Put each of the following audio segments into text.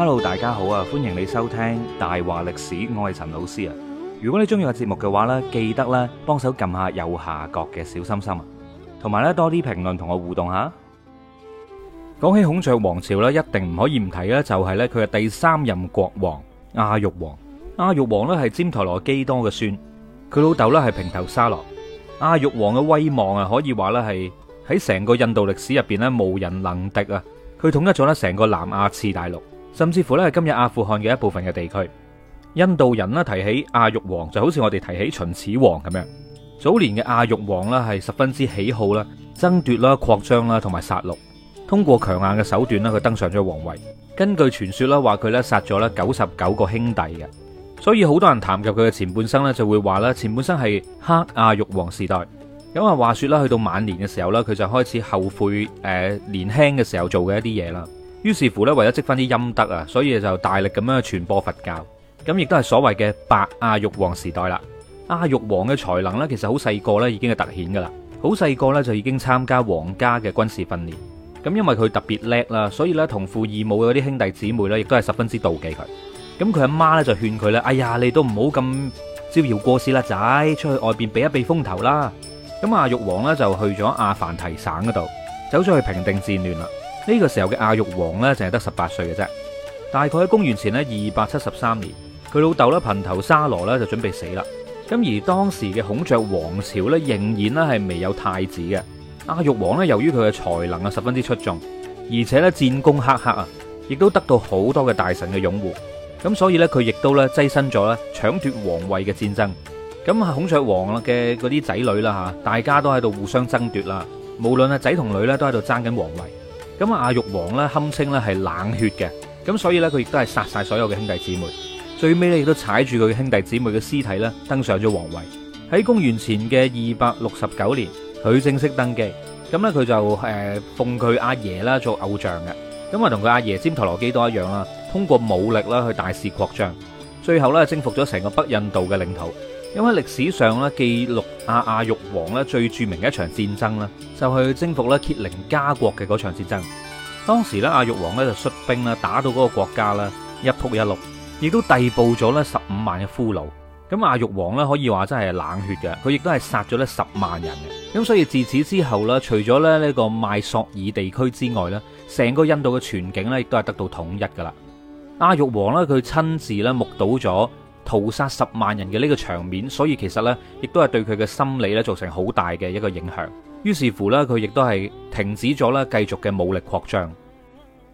hello，大家好啊！歡迎你收聽大話歷史，我係陳老師啊。如果你中意個節目嘅話呢，記得呢幫手撳下右下角嘅小心心啊，同埋呢多啲評論同我互動下。講起孔雀王朝呢，一定唔可以唔提呢，就係呢佢係第三任國王阿育王。阿育王呢係尖陀羅基多嘅孫，佢老豆呢係平頭沙羅。阿育王嘅威望啊，可以話呢係喺成個印度歷史入邊呢無人能敵啊。佢統一咗呢成個南亞次大陸。甚至乎咧，今日阿富汗嘅一部分嘅地區，印度人呢，提起阿育王，就好似我哋提起秦始皇咁樣。早年嘅阿育王呢，係十分之喜好啦、爭奪啦、擴張啦同埋殺戮。通過強硬嘅手段呢，佢登上咗皇位。根據傳說啦，話佢咧殺咗咧九十九個兄弟嘅。所以好多人談及佢嘅前半生呢，就會話咧前半生係黑阿育王時代。因為話説啦，去到晚年嘅時候呢，佢就開始後悔誒、呃、年輕嘅時候做嘅一啲嘢啦。於是乎咧，為咗積翻啲陰德啊，所以就大力咁樣傳播佛教，咁亦都係所謂嘅白阿育王時代啦。阿育王嘅才能呢，其實好細個呢已經係突顯噶啦，好細個呢，就已經參加皇家嘅軍事訓練。咁因為佢特別叻啦，所以呢，同父異母嗰啲兄弟姊妹呢，亦都係十分之妒忌佢。咁佢阿媽呢，就勸佢，哎呀，你都唔好咁招搖過市啦，仔，出去外邊避一避風頭啦。咁阿育王呢，就去咗阿凡提省嗰度，走咗去平定戰亂啦。呢個時候嘅阿育王呢，淨係得十八歲嘅啫。大概喺公元前呢二百七十三年，佢老豆呢，賓頭沙羅呢，就準備死啦。咁而當時嘅孔雀王朝呢，仍然呢，係未有太子嘅。阿育王呢，由於佢嘅才能啊十分之出眾，而且呢，戰功赫赫啊，亦都得到好多嘅大臣嘅擁護。咁所以呢，佢亦都呢，躋身咗呢搶奪皇位嘅戰爭。咁啊孔雀王嘅嗰啲仔女啦吓，大家都喺度互相爭奪啦，無論係仔同女呢，都喺度爭緊皇位。咁阿阿育王咧，堪稱咧係冷血嘅，咁所以咧佢亦都係殺晒所有嘅兄弟姊妹，最尾咧亦都踩住佢兄弟姊妹嘅屍體咧登上咗皇位。喺公元前嘅二百六十九年，佢正式登基。咁咧佢就誒奉佢阿爺啦做偶像嘅，咁啊同佢阿爺旃陀羅基都一樣啦，通過武力啦去大肆擴張，最後咧征服咗成個北印度嘅領土。因為歷史上咧記錄阿阿、啊啊、育王咧最著名嘅一場戰爭咧，就係征服咧羯陵伽國嘅嗰場戰爭。當時咧阿、啊、育王咧就率兵咧打到嗰個國家咧一仆一碌，亦都逮捕咗咧十五萬嘅俘虜。咁、啊、阿育王咧可以話真係冷血嘅，佢亦都係殺咗咧十萬人嘅。咁所以自此之後咧，除咗咧呢個邁索爾地區之外咧，成個印度嘅全境咧亦都係得到統一㗎喇。阿、啊、育王咧佢親自咧目睹咗。屠殺十萬人嘅呢個場面，所以其實呢，亦都係對佢嘅心理咧造成好大嘅一個影響。於是乎呢，佢亦都係停止咗咧繼續嘅武力擴張。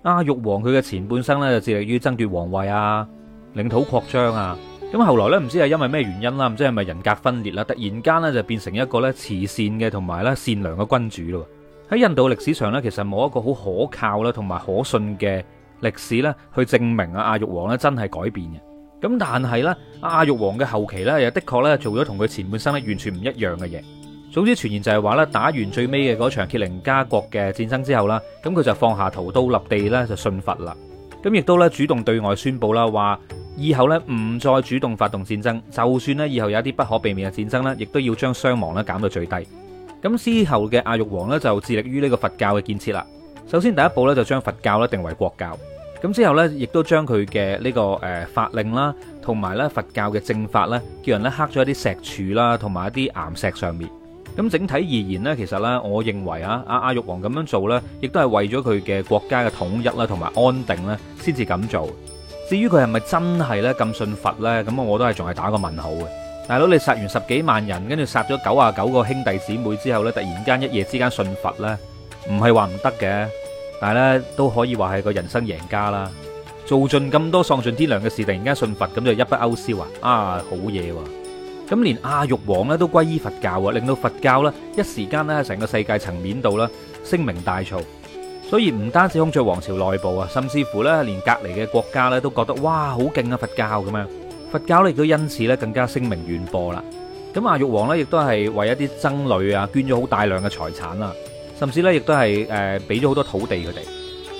阿、啊、育王佢嘅前半生呢，就致力於爭奪皇位啊、領土擴張啊。咁、啊、後來呢，唔知係因為咩原因啦，唔知係咪人格分裂啦，突然間呢，就變成一個咧慈善嘅同埋咧善良嘅君主咯。喺印度歷史上呢，其實冇一個好可靠啦同埋可信嘅歷史呢，去證明啊阿、啊、育王呢真係改變嘅。咁但係呢，阿玉皇嘅後期呢，又的確呢，做咗同佢前半生呢完全唔一樣嘅嘢。總之傳言就係話呢打完最尾嘅嗰場羯陵伽國嘅戰爭之後啦，咁佢就放下屠刀立地呢就信佛啦。咁亦都呢，主動對外宣佈啦，話以後呢唔再主動發動戰爭，就算呢以後有一啲不可避免嘅戰爭呢，亦都要將傷亡呢減到最低。咁之後嘅阿育王呢，就致力於呢個佛教嘅建設啦。首先第一步呢，就將佛教呢定為國教。咁之後咧，亦都將佢嘅呢個誒法令啦，同埋咧佛教嘅正法咧，叫人咧刻咗一啲石柱啦，同埋一啲岩石上面。咁整體而言咧，其實咧，我認為啊，阿阿育王咁樣做咧，亦都係為咗佢嘅國家嘅統一啦，同埋安定咧，先至咁做。至於佢係咪真係咧咁信佛咧？咁我都係仲係打個問號嘅。大佬，你殺完十幾萬人，跟住殺咗九啊九個兄弟姊妹之後咧，突然間一夜之間信佛咧，唔係話唔得嘅。但係咧都可以話係個人生贏家啦，做盡咁多喪盡天良嘅事，突然間信佛咁就一筆勾銷啊，啊好嘢喎！咁連阿育王呢都皈依佛教啊，令到佛教呢一時間呢喺成個世界層面度呢聲名大噪。所以唔單止孔雀王朝內部啊，甚至乎呢連隔籬嘅國家呢都覺得哇，好勁啊佛教，咁樣，佛教呢亦，亦都因此呢更加聲名遠播啦。咁阿育王呢亦都係為一啲僧侶啊捐咗好大量嘅財產啦。甚至咧，亦都係誒俾咗好多土地佢哋，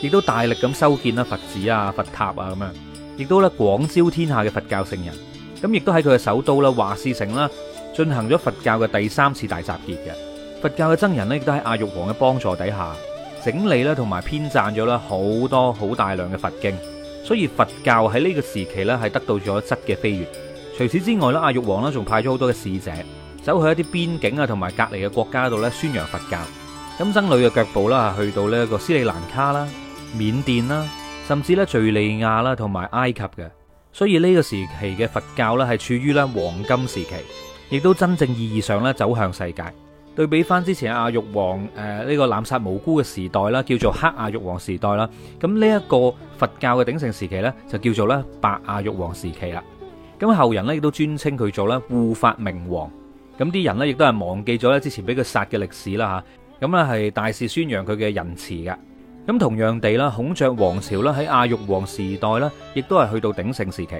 亦都大力咁修建啦佛寺啊、佛塔啊咁樣，亦都咧廣招天下嘅佛教聖人。咁亦都喺佢嘅首都啦，華氏城啦進行咗佛教嘅第三次大集結嘅佛教嘅僧人呢，亦都喺阿育王嘅幫助底下整理咧同埋編撰咗咧好多好大量嘅佛經，所以佛教喺呢個時期咧係得到咗質嘅飛躍。除此之外咧，阿育王仲派咗好多嘅使者走去一啲邊境啊同埋隔離嘅國家度咧宣揚佛教。金僧女嘅腳步啦，去到呢個斯里蘭卡啦、緬甸啦，甚至咧敍利亞啦同埋埃及嘅，所以呢個時期嘅佛教呢，係處於咧黃金時期，亦都真正意義上咧走向世界。對比翻之前阿育王誒，呢個濫殺無辜嘅時代啦，叫做黑阿育王時代啦。咁呢一個佛教嘅鼎盛時期呢，就叫做咧白阿育王時期啦。咁後人呢，亦都尊稱佢做咧護法明王。咁啲人呢，亦都係忘記咗咧之前俾佢殺嘅歷史啦嚇。咁咧係大肆宣揚佢嘅仁慈㗎。咁同樣地啦，孔雀王朝啦喺阿育王時代咧，亦都係去到鼎盛時期。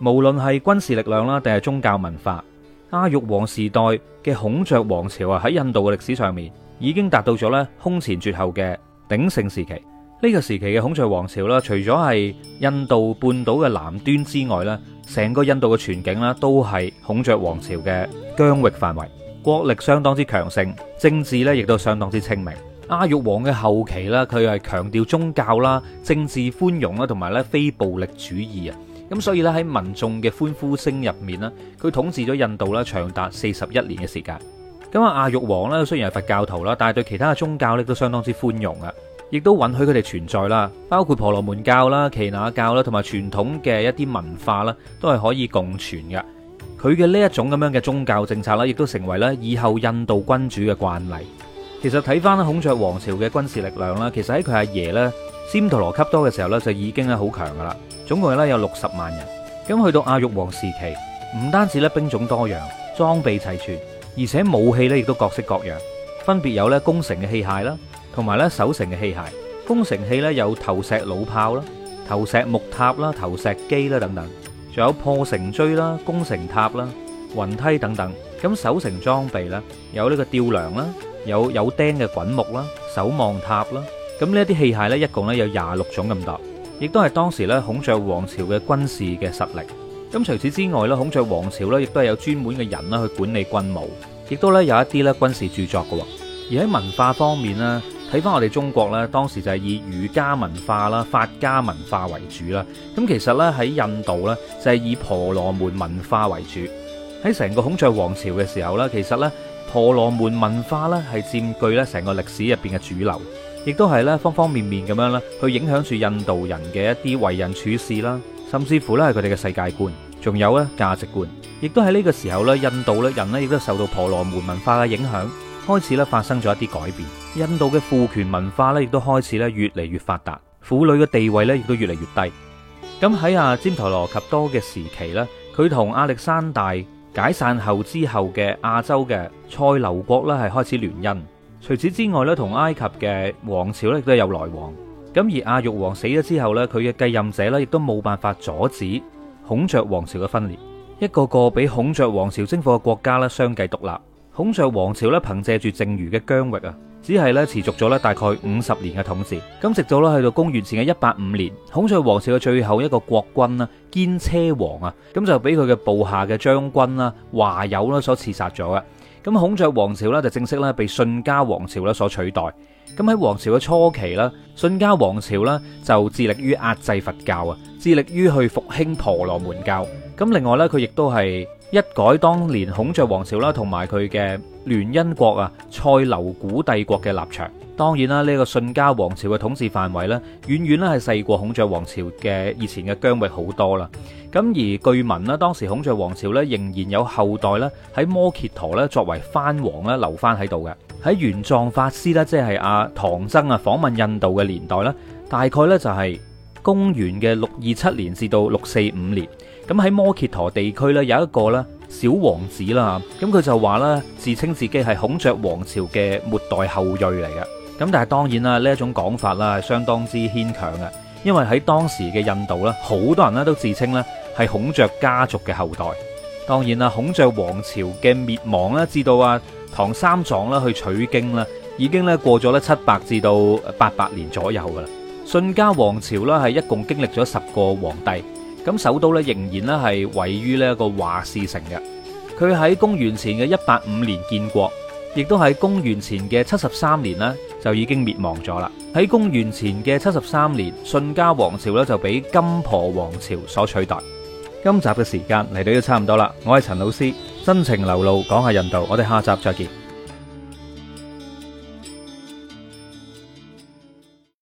無論係軍事力量啦，定係宗教文化，阿育王時代嘅孔雀王朝啊，喺印度嘅歷史上面已經達到咗咧空前絕後嘅鼎盛時期。呢個時期嘅孔雀王朝啦，除咗係印度半島嘅南端之外咧，成個印度嘅全境啦，都係孔雀王朝嘅疆域範圍。國力相當之強盛，政治咧亦都相當之清明。阿育王嘅後期咧，佢係強調宗教啦、政治寬容啦，同埋咧非暴力主義啊。咁所以咧喺民眾嘅歡呼聲入面呢，佢統治咗印度啦長達四十一年嘅時間。咁阿阿育王呢，雖然係佛教徒啦，但係對其他嘅宗教咧都相當之寬容啊，亦都允許佢哋存在啦，包括婆羅門教啦、耆那教啦，同埋傳統嘅一啲文化啦，都係可以共存嘅。佢嘅呢一種咁樣嘅宗教政策呢，亦都成為咧以後印度君主嘅慣例。其實睇翻孔雀王朝嘅軍事力量啦，其實喺佢阿爺呢，旃陀羅笈多嘅時候呢，就已經咧好強噶啦。總共呢有六十萬人。咁去到阿育王時期，唔單止呢兵種多樣，裝備齊全，而且武器呢亦都各式各樣，分別有呢攻城嘅器械啦，同埋呢守城嘅器械。攻城器呢，器有投石老炮啦、投石木塔啦、投石機啦等等。仲有破城錐啦、攻城塔啦、雲梯等等。咁守城裝備呢，有呢個吊梁啦，有有釘嘅滾木啦、守望塔啦。咁呢啲器械呢，一共呢有廿六種咁多，亦都係當時咧孔雀王朝嘅軍事嘅實力。咁除此之外咧，孔雀王朝呢亦都係有專門嘅人啦去管理軍務，亦都咧有一啲咧軍事著作嘅。而喺文化方面呢。睇翻我哋中國咧，當時就係以儒家文化啦、法家文化為主啦。咁其實咧喺印度咧，就係以婆羅門文化為主。喺成個孔雀王朝嘅時候咧，其實咧婆羅門文化咧係佔據咧成個歷史入邊嘅主流，亦都係咧方方面面咁樣咧去影響住印度人嘅一啲為人處事啦，甚至乎咧係佢哋嘅世界觀，仲有咧價值觀，亦都喺呢個時候咧，印度咧人呢亦都受到婆羅門文化嘅影響。開始咧發生咗一啲改變，印度嘅父權文化咧亦都開始咧越嚟越發達，婦女嘅地位咧亦都越嚟越低。咁喺阿旃陀羅及多嘅時期呢，佢同亞歷山大解散後之後嘅亞洲嘅塞琉國呢，係開始聯姻。除此之外咧，同埃及嘅王朝咧亦都有來往。咁而阿育王死咗之後呢，佢嘅繼任者呢，亦都冇辦法阻止孔雀王朝嘅分裂，一個個俾孔雀王朝征服嘅國家呢，相繼獨立。孔雀王朝呢，憑借住剩餘嘅疆域啊，只係咧持續咗咧大概五十年嘅統治。咁直到呢去到公元前嘅一八五年，孔雀王朝嘅最後一個國君啦，堅車王啊，咁就俾佢嘅部下嘅將軍啦華友啦所刺殺咗嘅。咁孔雀王朝呢，就正式咧被信家王朝咧所取代。咁喺王朝嘅初期啦，信家王朝呢，就致力於壓制佛教啊，致力於去復興婆羅門教。咁另外呢，佢亦都係。一改當年孔雀王朝啦，同埋佢嘅聯姻國啊，塞琉古帝國嘅立場。當然啦，呢、這個信加王朝嘅統治範圍呢，遠遠咧係細過孔雀王朝嘅以前嘅疆域好多啦。咁而據聞啦，當時孔雀王朝咧仍然有後代咧喺摩羯陀咧作為藩王咧留翻喺度嘅。喺玄奘法師啦，即係阿唐僧啊訪問印度嘅年代呢，大概呢就係、是。公元嘅六二七年至到六四五年，咁喺摩羯陀地區呢，有一個咧小王子啦，咁佢就話咧自稱自己係孔雀王朝嘅末代後裔嚟嘅，咁但係當然啦呢一種講法啦係相當之牽強嘅，因為喺當時嘅印度呢，好多人呢都自稱呢係孔雀家族嘅後代。當然啦，孔雀王朝嘅滅亡呢，至到啊唐三藏啦去取經啦，已經呢過咗咧七百至到八百年左右噶啦。信家王朝呢係一共經歷咗十個皇帝，咁首都呢仍然呢係位於呢一個華氏城嘅。佢喺公元前嘅一百八五年建國，亦都喺公元前嘅七十三年呢就已經滅亡咗啦。喺公元前嘅七十三年，信家王朝呢就俾金婆王朝所取代。今集嘅時間嚟到都差唔多啦，我係陳老師，真情流露講下印度，我哋下集再見。